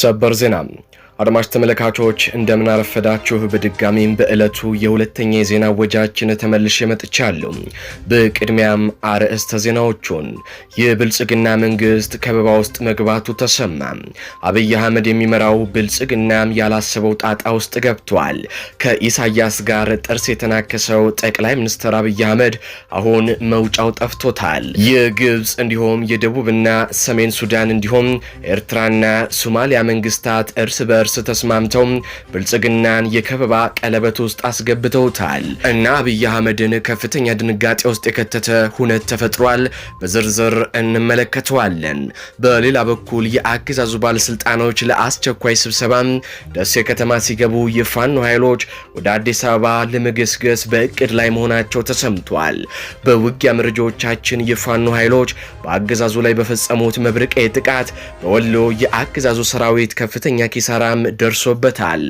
ሰበር ዜና አድማጭ ተመልካቾች እንደምን አረፈዳችሁ። በድጋሚም በዕለቱ የሁለተኛ የዜና ወጃችን ተመልሼ መጥቻለሁ። በቅድሚያም አርዕስተ ዜናዎቹን። የብልጽግና መንግስት ከበባ ውስጥ መግባቱ ተሰማ። አብይ አህመድ የሚመራው ብልጽግናም ያላሰበው ጣጣ ውስጥ ገብቷል። ከኢሳያስ ጋር ጥርስ የተናከሰው ጠቅላይ ሚኒስትር አብይ አህመድ አሁን መውጫው ጠፍቶታል። የግብፅ እንዲሁም የደቡብና ሰሜን ሱዳን እንዲሁም ኤርትራና ሶማሊያ መንግስታት እርስ በር እርስ ተስማምተው ብልጽግናን የከበባ ቀለበት ውስጥ አስገብተውታል እና አብይ አህመድን ከፍተኛ ድንጋጤ ውስጥ የከተተ ሁነት ተፈጥሯል። በዝርዝር እንመለከተዋለን። በሌላ በኩል የአገዛዙ ባለስልጣኖች ለአስቸኳይ ስብሰባ ደሴ ከተማ ሲገቡ የፋኖ ኃይሎች ወደ አዲስ አበባ ለመገስገስ በእቅድ ላይ መሆናቸው ተሰምቷል። በውጊያ መረጃዎቻችን የፋኖ ኃይሎች በአገዛዙ ላይ በፈጸሙት መብረቀ ጥቃት በወሎ የአገዛዙ ሰራዊት ከፍተኛ ኪሳራ ኪሳራም ደርሶበታል።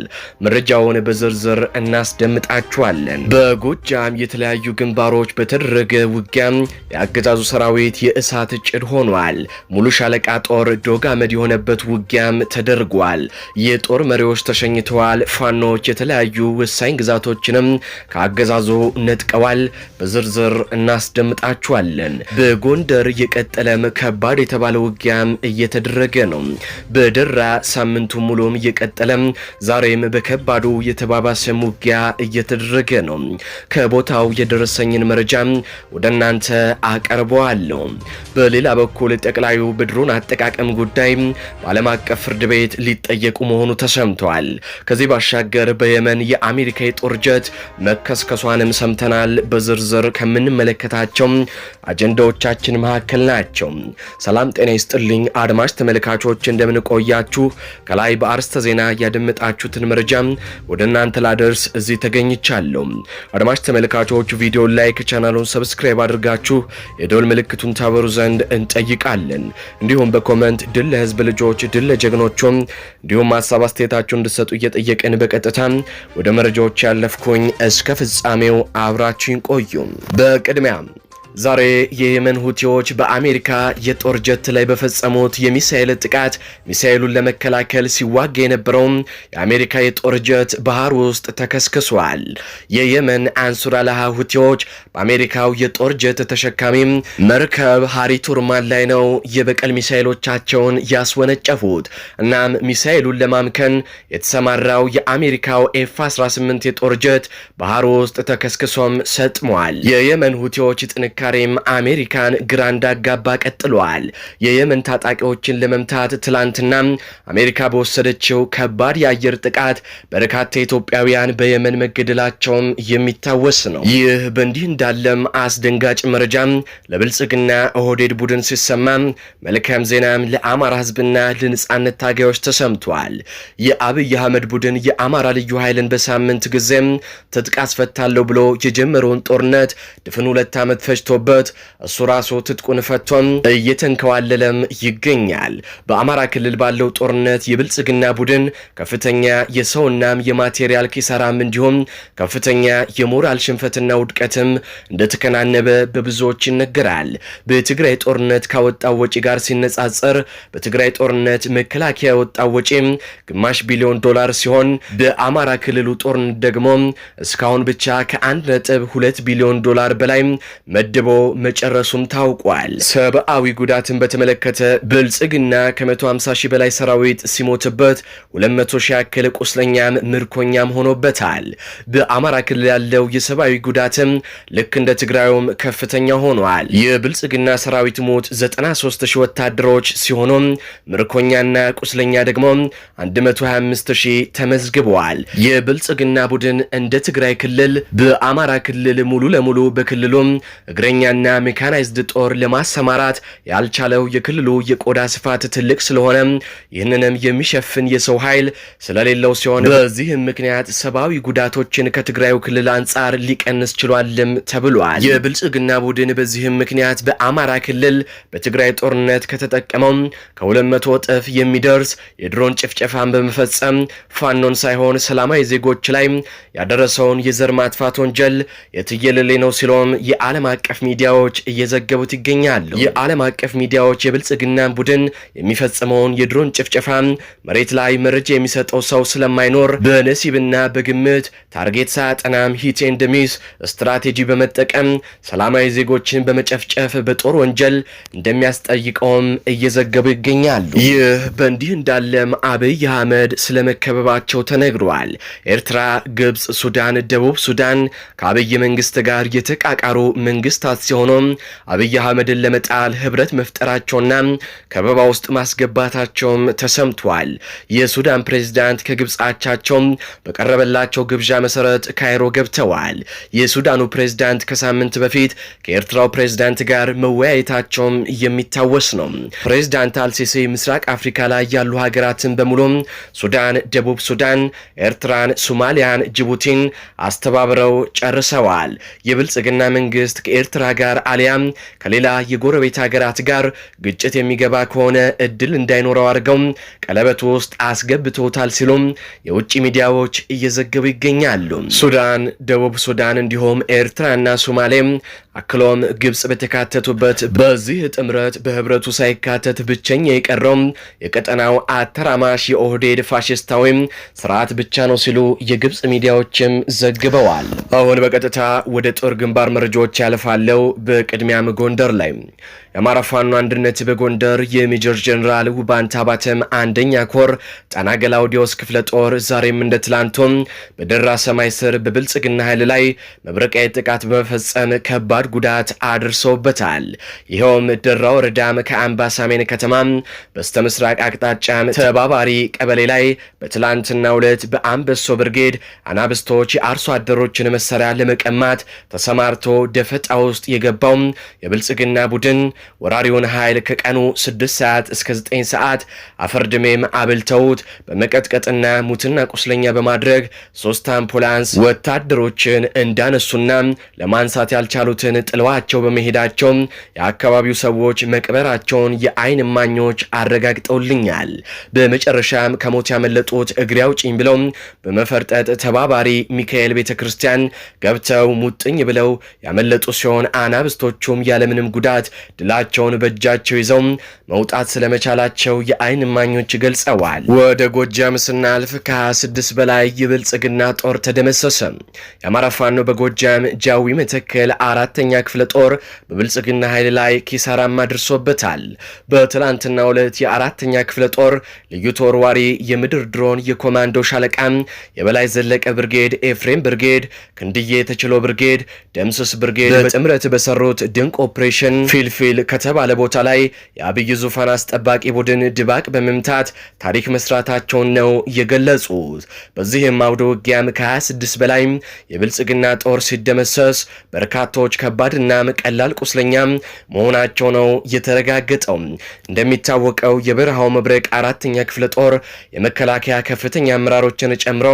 መረጃውን በዝርዝር እናስደምጣችኋለን። በጎጃም የተለያዩ ግንባሮች በተደረገ ውጊያም የአገዛዙ ሰራዊት የእሳት ጭድ ሆኗል። ሙሉ ሻለቃ ጦር ዶጋመድ የሆነበት ውጊያም ተደርጓል። የጦር መሪዎች ተሸኝተዋል። ፋኖች የተለያዩ ወሳኝ ግዛቶችንም ከአገዛዙ ነጥቀዋል። በዝርዝር እናስደምጣችኋለን። በጎንደር የቀጠለም ከባድ የተባለ ውጊያም እየተደረገ ነው። በደራ ሳምንቱ ሙሉም እንደቀጠለም ዛሬም በከባዱ የተባባሰ ሙጊያ እየተደረገ ነው። ከቦታው የደረሰኝን መረጃ ወደ እናንተ አቀርበዋለሁ። በሌላ በኩል ጠቅላዩ በድሮን አጠቃቀም ጉዳይ በዓለም አቀፍ ፍርድ ቤት ሊጠየቁ መሆኑ ተሰምተዋል። ከዚህ ባሻገር በየመን የአሜሪካ የጦር ጀት መከስከሷንም ሰምተናል። በዝርዝር ከምንመለከታቸው አጀንዳዎቻችን መካከል ናቸው። ሰላም ጤና ይስጥልኝ አድማጭ ተመልካቾች እንደምንቆያችሁ ከላይ በአርስተ ዜና ያደመጣችሁትን መረጃ ወደ እናንተ ላደርስ እዚህ ተገኝቻለሁ። አድማጭ ተመልካቾች ቪዲዮን ላይክ፣ ቻናሉን ሰብስክራይብ አድርጋችሁ የደወል ምልክቱን ታበሩ ዘንድ እንጠይቃለን። እንዲሁም በኮመንት ድል ለህዝብ ልጆች፣ ድል ለጀግኖቹም እንዲሁም ሀሳብ አስተያየታችሁን እንድሰጡ እየጠየቅን በቀጥታ ወደ መረጃዎች ያለፍኩኝ፣ እስከ ፍጻሜው አብራችሁን ቆዩ። በቅድሚያ ዛሬ የየመን ሁቲዎች በአሜሪካ የጦር ጀት ላይ በፈጸሙት የሚሳኤል ጥቃት ሚሳኤሉን ለመከላከል ሲዋጋ የነበረውም የአሜሪካ የጦር ጀት ባህር ውስጥ ተከስክሷል። የየመን አንሱር ሁቲዎች በአሜሪካው የጦር ጀት ተሸካሚም መርከብ ሃሪ ቱርማን ላይ ነው የበቀል ሚሳኤሎቻቸውን ያስወነጨፉት። እናም ሚሳኤሉን ለማምከን የተሰማራው የአሜሪካው ኤፍ 18 የጦር ጀት ባህር ውስጥ ተከስክሶም ሰጥሟል። የየመን ሁቲዎች ጥንካ ካሬም አሜሪካን ግራ እንዳጋባ ቀጥሏል። የየመን ታጣቂዎችን ለመምታት ትላንትና አሜሪካ በወሰደችው ከባድ የአየር ጥቃት በርካታ ኢትዮጵያውያን በየመን መገደላቸውም የሚታወስ ነው። ይህ በእንዲህ እንዳለም አስደንጋጭ መረጃ ለብልጽግና ኦህዴድ ቡድን ሲሰማ መልካም ዜናም ለአማራ ህዝብና ለነጻነት ታጋዮች ተሰምቷል። የአብይ አህመድ ቡድን የአማራ ልዩ ኃይልን በሳምንት ጊዜም ትጥቅ አስፈታለሁ ብሎ የጀመረውን ጦርነት ድፍን ሁለት ዓመት ፈጅቶ ተመቶበት እሱ ራሱ ትጥቁን ፈቶም እየተንከዋለለም ይገኛል። በአማራ ክልል ባለው ጦርነት የብልጽግና ቡድን ከፍተኛ የሰውናም የማቴሪያል ኪሳራም እንዲሁም ከፍተኛ የሞራል ሽንፈትና ውድቀትም እንደተከናነበ በብዙዎች ይነገራል። በትግራይ ጦርነት ካወጣው ወጪ ጋር ሲነጻጸር በትግራይ ጦርነት መከላከያ ያወጣው ወጪም ግማሽ ቢሊዮን ዶላር ሲሆን በአማራ ክልሉ ጦርነት ደግሞ እስካሁን ብቻ ከአንድ ነጥብ ሁለት ቢሊዮን ዶላር በላይ መደ ተመዝግቦ መጨረሱም ታውቋል። ሰብአዊ ጉዳትን በተመለከተ ብልጽግና ከ150 ሺህ በላይ ሰራዊት ሲሞትበት 200 ሺህ ያክል ቁስለኛም ምርኮኛም ሆኖበታል። በአማራ ክልል ያለው የሰብአዊ ጉዳትም ልክ እንደ ትግራዩም ከፍተኛ ሆኗል። የብልጽግና ሰራዊት ሞት 93 ሺህ ወታደሮች ሲሆኑም ምርኮኛና ቁስለኛ ደግሞ 125 ሺህ ተመዝግበዋል። የብልጽግና ቡድን እንደ ትግራይ ክልል በአማራ ክልል ሙሉ ለሙሉ በክልሉም እግረኛ መደበኛና ሜካናይዝድ ጦር ለማሰማራት ያልቻለው የክልሉ የቆዳ ስፋት ትልቅ ስለሆነ ይህንንም የሚሸፍን የሰው ኃይል ስለሌለው ሲሆን በዚህም ምክንያት ሰብአዊ ጉዳቶችን ከትግራዩ ክልል አንጻር ሊቀንስ ችሏልም ተብሏል። የብልጽግና ቡድን በዚህም ምክንያት በአማራ ክልል በትግራይ ጦርነት ከተጠቀመው ከ200 እጥፍ የሚደርስ የድሮን ጭፍጨፋን በመፈጸም ፋኖን ሳይሆን ሰላማዊ ዜጎች ላይ ያደረሰውን የዘር ማጥፋት ወንጀል የትየለሌ ነው ሲሎም የዓለም አቀፍ ሚዲያዎች እየዘገቡት ይገኛሉ። የዓለም አቀፍ ሚዲያዎች የብልጽግና ቡድን የሚፈጽመውን የድሮን ጭፍጨፋ መሬት ላይ መረጃ የሚሰጠው ሰው ስለማይኖር በነሲብና በግምት ታርጌት ሳያጠናም ሂት ኤንድ ሚስ ስትራቴጂ በመጠቀም ሰላማዊ ዜጎችን በመጨፍጨፍ በጦር ወንጀል እንደሚያስጠይቀውም እየዘገቡ ይገኛሉ። ይህ በእንዲህ እንዳለም አብይ አህመድ ስለመከበባቸው ተነግሯል። ኤርትራ፣ ግብፅ፣ ሱዳን፣ ደቡብ ሱዳን ከአብይ መንግስት ጋር የተቃቃሩ መንግስት መንግስታት ሲሆኑ አብይ አህመድን ለመጣል ህብረት መፍጠራቸውና ከበባ ውስጥ ማስገባታቸውም ተሰምቷል። የሱዳን ፕሬዝዳንት ከግብጻቻቸው በቀረበላቸው ግብዣ መሰረት ካይሮ ገብተዋል። የሱዳኑ ፕሬዝዳንት ከሳምንት በፊት ከኤርትራው ፕሬዝዳንት ጋር መወያየታቸውም የሚታወስ ነው። ፕሬዝዳንት አልሲሲ ምስራቅ አፍሪካ ላይ ያሉ ሀገራትን በሙሉ ሱዳን፣ ደቡብ ሱዳን፣ ኤርትራን፣ ሱማሊያን፣ ጅቡቲን አስተባብረው ጨርሰዋል። የብልጽግና መንግስት ከኤርትራ ከኤርትራ ጋር አሊያም ከሌላ የጎረቤት ሀገራት ጋር ግጭት የሚገባ ከሆነ እድል እንዳይኖረው አድርገው ቀለበቱ ውስጥ አስገብቶታል ሲሉም የውጭ ሚዲያዎች እየዘገቡ ይገኛሉ። ሱዳን፣ ደቡብ ሱዳን እንዲሁም ኤርትራና ሶማሌም አክሎም ግብጽ በተካተቱበት በዚህ ጥምረት በህብረቱ ሳይካተት ብቸኛ የቀረው የቀጠናው አተራማሽ የኦህዴድ ፋሽስታዊ ስርዓት ብቻ ነው ሲሉ የግብጽ ሚዲያዎችም ዘግበዋል። አሁን በቀጥታ ወደ ጦር ግንባር መረጃዎች ያልፋል። ያለው በቅድሚያም ጎንደር ላይ የአማራ ፋኖ አንድነት በጎንደር የሜጀር ጀኔራል ውባንታ ባተም አንደኛ ኮር ጣና ገላውዲዮስ ክፍለ ጦር ዛሬም እንደ ትላንቶም በደራ ሰማይ ስር በብልጽግና ኃይል ላይ መብረቃዊ ጥቃት በመፈጸም ከባድ ጉዳት አድርሰውበታል። ይኸውም ደራ ወረዳም ከአምባሳሜን ከተማ በስተ ምስራቅ አቅጣጫም ተባባሪ ቀበሌ ላይ በትላንትና ሁለት በአንበሶ ብርጌድ አናብስቶች የአርሶ አደሮችን መሳሪያ ለመቀማት ተሰማርቶ ደፈጣ ውስጥ የገባው የብልጽግና ቡድን ወራሪውን ኃይል ከቀኑ 6 ሰዓት እስከ 9 ሰዓት አፈርድሜም አብልተውት በመቀጥቀጥና ሙትና ቁስለኛ በማድረግ ሶስት አምፑላንስ ወታደሮችን እንዳነሱና ለማንሳት ያልቻሉትን ጥለዋቸው በመሄዳቸው የአካባቢው ሰዎች መቅበራቸውን የአይን እማኞች አረጋግጠውልኛል። በመጨረሻም ከሞት ያመለጡት እግሬ አውጪኝ ብለው በመፈርጠጥ ተባባሪ ሚካኤል ቤተ ክርስቲያን ገብተው ሙጥኝ ብለው ያመለጡ ሲሆን አናብስቶቹም ያለምንም ጉዳት ድላ ዱላቸውን በእጃቸው ይዘው መውጣት ስለመቻላቸው የአይን ማኞች ገልጸዋል። ወደ ጎጃም ስናልፍ ከ26 በላይ የብልጽግና ጦር ተደመሰሰ። የአማራ ፋኖ በጎጃም ጃዊ መተከል አራተኛ ክፍለ ጦር በብልጽግና ኃይል ላይ ኪሳራም አድርሶበታል። በትላንትና ሁለት የአራተኛ ክፍለ ጦር ልዩ ተወርዋሪ የምድር ድሮን የኮማንዶ ሻለቃ የበላይ ዘለቀ ብርጌድ፣ ኤፍሬም ብርጌድ፣ ክንድዬ ተችሎ ብርጌድ፣ ደምስስ ብርጌድ በጥምረት በሰሩት ድንቅ ኦፕሬሽን ፊልፊል ከተባለ ቦታ ላይ የአብይ ዙፋን አስጠባቂ ቡድን ድባቅ በመምታት ታሪክ መስራታቸውን ነው የገለጹት። በዚህም አውደ ውጊያም ከ26 በላይ የብልጽግና ጦር ሲደመሰስ በርካቶች ከባድና ቀላል ቁስለኛ መሆናቸው ነው የተረጋገጠው። እንደሚታወቀው የበረሃው መብረቅ አራተኛ ክፍለ ጦር የመከላከያ ከፍተኛ አመራሮችን ጨምሮ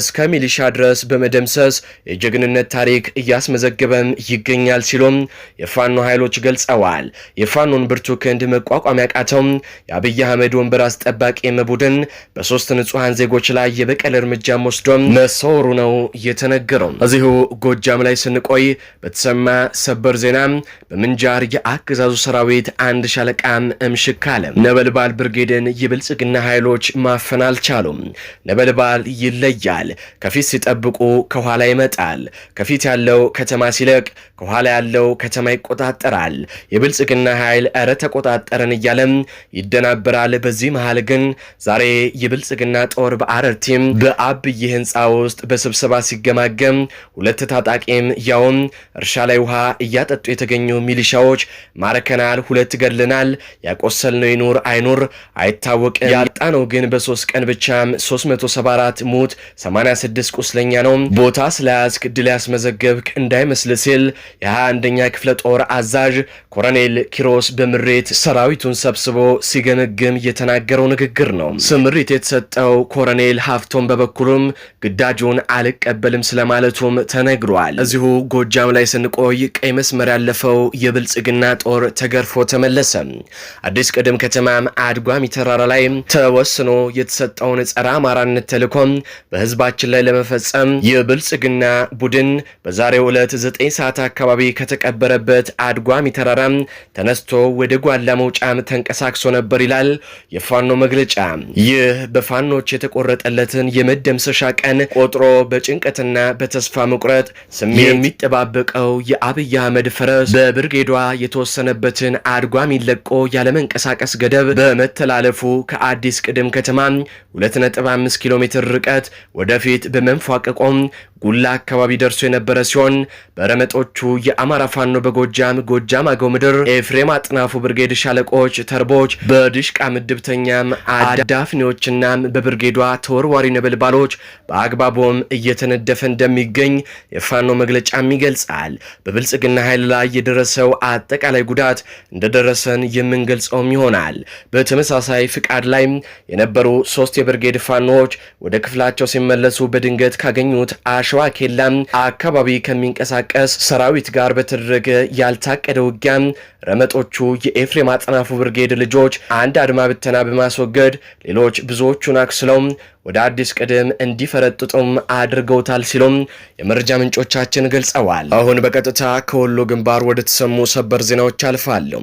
እስከ ሚሊሻ ድረስ በመደምሰስ የጀግንነት ታሪክ እያስመዘገበም ይገኛል ሲሉም የፋኖ ኃይሎች ገልጸዋል። የፋኖን ብርቱ ክንድ መቋቋም ያቃተው የአብይ አህመድ ወንበር አስጠባቂም ቡድን በሶስት ንጹሐን ዜጎች ላይ የበቀል እርምጃም ወስዶ መሰወሩ ነው የተነገረው። እዚሁ ጎጃም ላይ ስንቆይ በተሰማ ሰበር ዜና በምንጃር የአገዛዙ ሰራዊት አንድ ሻለቃም እምሽካ አለ። ነበልባል ብርጌድን የብልጽግና ኃይሎች ማፈን አልቻሉም። ነበልባል ይለያል። ከፊት ሲጠብቁ ከኋላ ይመጣል። ከፊት ያለው ከተማ ሲለቅ ከኋላ ያለው ከተማ ይቆጣጠራል። የብልጽ የብልጽግና ኃይል እረ ተቆጣጠረን እያለም ይደናበራል። በዚህ መሃል ግን ዛሬ የብልጽግና ጦር በአረርቲም በአብይ ህንፃ ውስጥ በስብሰባ ሲገማገም ሁለት ታጣቂም ያውም እርሻ ላይ ውሃ እያጠጡ የተገኙ ሚሊሻዎች ማርከናል፣ ሁለት ገድለናል፣ ያቆሰልነው ይኑር አይኑር አይታወቅም፣ ያጣነው ግን በሶስት ቀን ብቻም 374 ሙት 86 ቁስለኛ ነው። ቦታ ስለያዝክ ድል ያስመዘገብክ እንዳይመስል ሲል የ21ኛ ክፍለ ጦር አዛዥ ኮረኔል ኮሎኔል ኪሮስ በምሬት ሰራዊቱን ሰብስቦ ሲገመግም የተናገረው ንግግር ነው። ስምሪት የተሰጠው ኮረኔል ሀፍቶም በበኩሉም ግዳጁን አልቀበልም ስለማለቱም ተነግሯል። እዚሁ ጎጃም ላይ ስንቆይ ቀይ መስመር ያለፈው የብልጽግና ጦር ተገርፎ ተመለሰ። አዲስ ቅድም ከተማም አድጓሚ ተራራ ላይ ተወስኖ የተሰጠውን ጸረ አማራነት ተልኮም በህዝባችን ላይ ለመፈጸም የብልጽግና ቡድን በዛሬው ዕለት 9 ሰዓት አካባቢ ከተቀበረበት አድጓሚ ተራራ ተነስቶ ወደ ጓላ መውጫም ተንቀሳቅሶ ነበር ይላል የፋኖ መግለጫ። ይህ በፋኖች የተቆረጠለትን የመደምሰሻ ቀን ቆጥሮ በጭንቀትና በተስፋ መቁረጥ ስሜት የሚጠባበቀው የአብይ አህመድ ፈረስ በብርጌዷ የተወሰነበትን አድጓሚ ለቆ ያለመንቀሳቀስ ገደብ በመተላለፉ ከአዲስ ቅድም ከተማ 25 ኪሎ ሜትር ርቀት ወደፊት በመንፏቀቆም ጉላ አካባቢ ደርሶ የነበረ ሲሆን በረመጦቹ የአማራ ፋኖ በጎጃም ጎጃም አገው ምድር ኤፍሬም አጥናፉ ብርጌድ ሻለቆች፣ ተርቦች፣ በድሽቃ ምድብተኛም አዳፍኔዎችና በብርጌዷ ተወርዋሪ ነበልባሎች በአግባቦም እየተነደፈ እንደሚገኝ የፋኖ መግለጫም ይገልጻል። በብልጽግና ኃይል ላይ የደረሰው አጠቃላይ ጉዳት እንደደረሰን የምንገልጸውም ይሆናል። በተመሳሳይ ፍቃድ ላይ የነበሩ ሶስት የብርጌድ ፋኖዎች ወደ ክፍላቸው ሲመለሱ በድንገት ካገኙት አሸዋ ኬላም አካባቢ ከሚንቀሳቀስ ሰራዊት ጋር በተደረገ ያልታቀደ ውጊያም። ረመጦቹ የኤፍሬም አጥናፉ ብርጌድ ልጆች አንድ አድማ ብተና በማስወገድ ሌሎች ብዙዎቹን አክስለውም ወደ አዲስ ቅድም እንዲፈረጥጡም አድርገውታል ሲሉም የመረጃ ምንጮቻችን ገልጸዋል። አሁን በቀጥታ ከወሎ ግንባር ወደ ተሰሙ ሰበር ዜናዎች አልፋለሁ።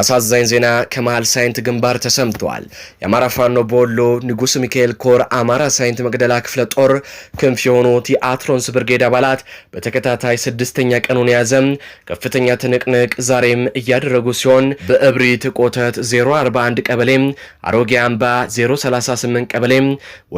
አሳዛኝ ዜና ከመሃል ሳይንት ግንባር ተሰምቷል። የአማራ ፋኖ በወሎ ንጉስ ሚካኤል ኮር አማራ ሳይንት መቅደላ ክፍለ ጦር ክንፍ የሆኑት የአትሮንስ ብርጌድ አባላት በተከታታይ ስድስተኛ ቀኑን የያዘም ከፍተኛ ትንቅንቅ ዛሬም እያደረጉ ሲሆን በእብሪት ቆተት 041 ቀበሌም አሮጌ አምባ 038 ቀበሌም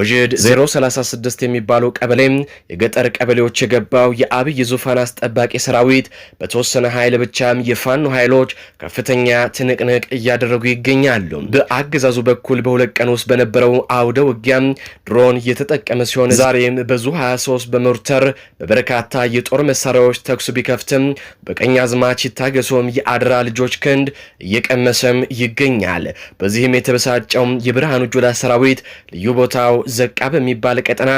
ውዥድ 036 የሚባለው ቀበሌም የገጠር ቀበሌዎች የገባው የአብይ ዙፋን አስጠባቂ ሰራዊት በተወሰነ ኃይል ብቻም የፋኖ ኃይሎች ከፍተኛ ትንቅንቅ እያደረጉ ይገኛሉ። በአገዛዙ በኩል በሁለት ቀን ውስጥ በነበረው አውደ ውጊያም ድሮን እየተጠቀመ ሲሆን ዛሬም በዙ 23 በሞርተር በበርካታ የጦር መሳሪያዎች ተኩስ ቢከፍትም በቀኝ አዝማች ይታገሶም የአድራ ልጆች ክንድ እየቀመሰም ይገኛል። በዚህም የተበሳጨው የብርሃኑ ጁላ ሰራዊት ልዩ ቦታው ዘቃ በሚባል ቀጠና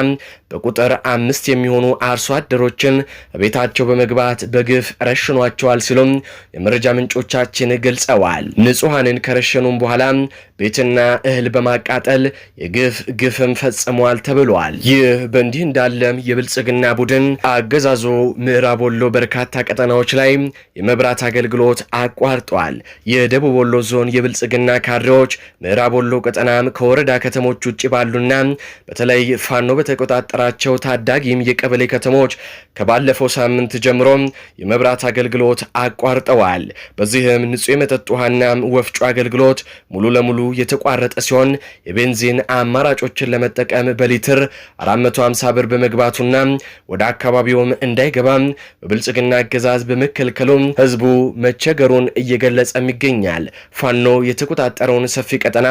በቁጥር አምስት የሚሆኑ አርሶ አደሮችን ቤታቸው በመግባት በግፍ ረሽኗቸዋል ሲሉም የመረጃ ምንጮቻችን ገልጸዋል። ንጹሐንን ከረሸኑም በኋላ ቤትና እህል በማቃጠል የግፍ ግፍም ፈጽሟል ተብሏል። ይህ በእንዲህ እንዳለም የብልጽግና ቡድን አገዛዞ ምዕራብ ወሎ በርካታ ቀጠናዎች ላይ የመብራት አገልግሎት አቋርጧል። የደቡብ ወሎ ዞን የብልጽግና ካድሬዎች ምዕራብ ወሎ ቀጠናም ከወረዳ ከተሞች ውጭ ባሉና በተለይ ፋኖ በተቆጣጠራቸው ታዳጊም የቀበሌ ከተሞች ከባለፈው ሳምንት ጀምሮ የመብራት አገልግሎት አቋርጠዋል። በዚህም ንጹህ የመጠጥ ውሃና ወፍጮ አገልግሎት ሙሉ ለሙሉ የተቋረጠ ሲሆን የቤንዚን አማራጮችን ለመጠቀም በሊትር 450 ብር በመግባቱና ወደ አካባቢውም እንዳይገባም በብልጽግና አገዛዝ በመከልከሉም ህዝቡ መቸገሩን እየገለጸም ይገኛል። ፋኖ የተቆጣጠረውን ሰፊ ቀጠና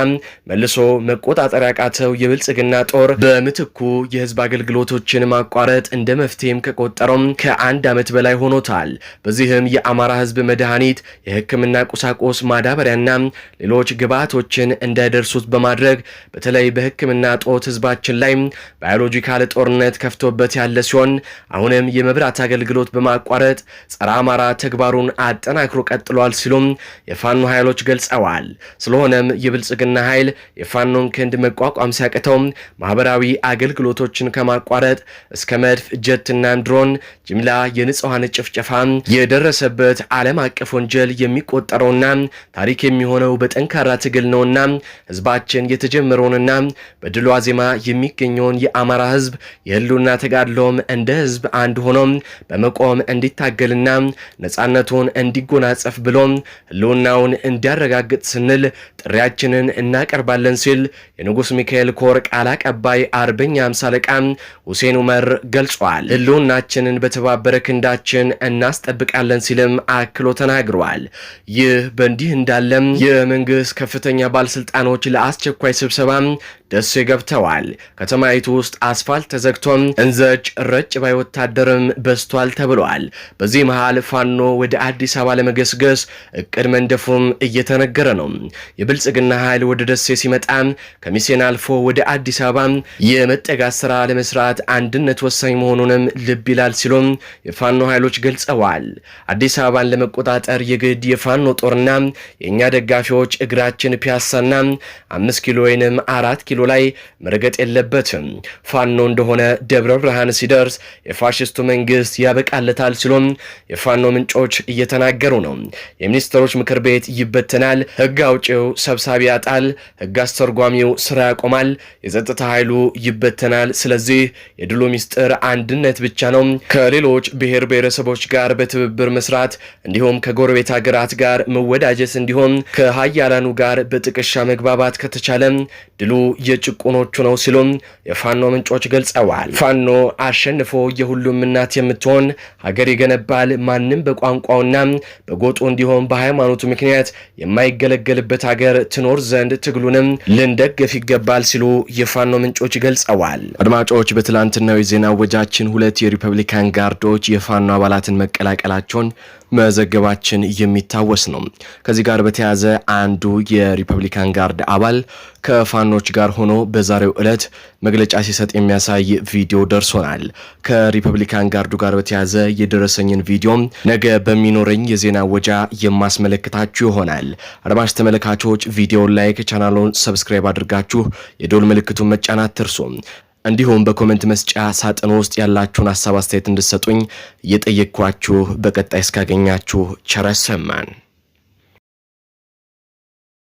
መልሶ መቆጣጠር ያቃተው የብልጽግና ጦር በምትኩ የህዝብ አገልግሎቶችን ማቋረጥ እንደ መፍትሄም ከቆጠረውም ከአንድ ዓመት በላይ ሆኖታል። በዚህም የአማራ ህዝብ መድኃኒት፣ የህክምና ቁሳቁስ፣ ማዳበሪያና ሌሎች ግብዓቶችን ዜጎቻችን እንዳይደርሱት በማድረግ በተለይ በሕክምና ጦት ህዝባችን ላይ ባዮሎጂካል ጦርነት ከፍቶበት ያለ ሲሆን አሁንም የመብራት አገልግሎት በማቋረጥ ጸረ አማራ ተግባሩን አጠናክሮ ቀጥሏል ሲሉም የፋኖ ኃይሎች ገልጸዋል። ስለሆነም የብልጽግና ኃይል የፋኖን ክንድ መቋቋም ሲያቅተው ማህበራዊ አገልግሎቶችን ከማቋረጥ እስከ መድፍ፣ ጀትና ድሮን ጅምላ የንጹሐን ጭፍጨፋ የደረሰበት ዓለም አቀፍ ወንጀል የሚቆጠረውና ታሪክ የሚሆነው በጠንካራ ትግል ነውና የሚገኘውና ህዝባችን የተጀመረውንና በድሉ ዋዜማ የሚገኘውን የአማራ ህዝብ የህልውና ተጋድሎም እንደ ህዝብ አንድ ሆኖም በመቆም እንዲታገልና ነፃነቱን እንዲጎናጸፍ ብሎም ህልውናውን እንዲያረጋግጥ ስንል ጥሪያችንን እናቀርባለን ሲል የንጉሥ ሚካኤል ኮር ቃል አቀባይ አርበኛ ሃምሳ ሁሴን ዑመር ገልጿል። ህልውናችንን በተባበረ ክንዳችን እናስጠብቃለን ሲልም አክሎ ተናግሯል። ይህ በእንዲህ እንዳለም የመንግስት ከፍተኛ ባ ባለስልጣኖች ለአስቸኳይ ስብሰባ ደሴ ገብተዋል። ከተማይቱ ውስጥ አስፋልት ተዘግቶም እንዘጭ ረጭ ባይ ወታደርም በዝቷል ተብሏል። በዚህ መሃል ፋኖ ወደ አዲስ አበባ ለመገስገስ እቅድ መንደፉም እየተነገረ ነው። የብልጽግና ኃይል ወደ ደሴ ሲመጣ ከሚሴን አልፎ ወደ አዲስ አበባ የመጠጋት ስራ ለመስራት አንድነት ወሳኝ መሆኑንም ልብ ይላል ሲሉም የፋኖ ኃይሎች ገልጸዋል። አዲስ አበባን ለመቆጣጠር የግድ የፋኖ ጦርና የእኛ ደጋፊዎች እግራችን ፒያሳና አምስት ኪሎ ወይንም አራት ኪሎ ላይ መርገጥ የለበትም። ፋኖ እንደሆነ ደብረ ብርሃን ሲደርስ የፋሽስቱ መንግስት ያበቃለታል ሲሉም የፋኖ ምንጮች እየተናገሩ ነው። የሚኒስትሮች ምክር ቤት ይበተናል፣ ህግ አውጪው ሰብሳቢ ያጣል፣ ህግ አስተርጓሚው ስራ ያቆማል፣ የጸጥታ ኃይሉ ይበተናል። ስለዚህ የድሉ ሚስጥር አንድነት ብቻ ነው። ከሌሎች ብሔር ብሔረሰቦች ጋር በትብብር መስራት እንዲሁም ከጎረቤት ሀገራት ጋር መወዳጀት እንዲሁም ከሀያላኑ ጋር በጥቅሻ መግባባት ከተቻለ ድሉ የጭቁኖቹ ነው ሲሉም የፋኖ ምንጮች ገልጸዋል። ፋኖ አሸንፎ የሁሉም እናት የምትሆን ሀገር ይገነባል። ማንም በቋንቋውና በጎጡ እንዲሆን በሃይማኖቱ ምክንያት የማይገለገልበት ሀገር ትኖር ዘንድ ትግሉንም ልንደገፍ ይገባል ሲሉ የፋኖ ምንጮች ገልጸዋል። አድማጮች በትላንትናው የዜና ወጃችን ሁለት የሪፐብሊካን ጋርዶች የፋኖ አባላትን መቀላቀላቸውን መዘገባችን የሚታወስ ነው። ከዚህ ጋር በተያያዘ አንዱ የሪፐብሊካን ጋርድ አባል ከፋኖች ጋር ሆኖ በዛሬው ዕለት መግለጫ ሲሰጥ የሚያሳይ ቪዲዮ ደርሶናል። ከሪፐብሊካን ጋርዱ ጋር በተያያዘ የደረሰኝን ቪዲዮም ነገ በሚኖረኝ የዜና ወጃ የማስመለክታችሁ ይሆናል። አድማጭ ተመልካቾች ቪዲዮን ላይክ፣ ቻናሉን ሰብስክራይብ አድርጋችሁ የዶል ምልክቱን መጫናት ትርሱም። እንዲሁም በኮመንት መስጫ ሳጥን ውስጥ ያላችሁን ሀሳብ አስተያየት እንድሰጡኝ እየጠየቅኳችሁ በቀጣይ እስካገኛችሁ ቸር ያሰማን።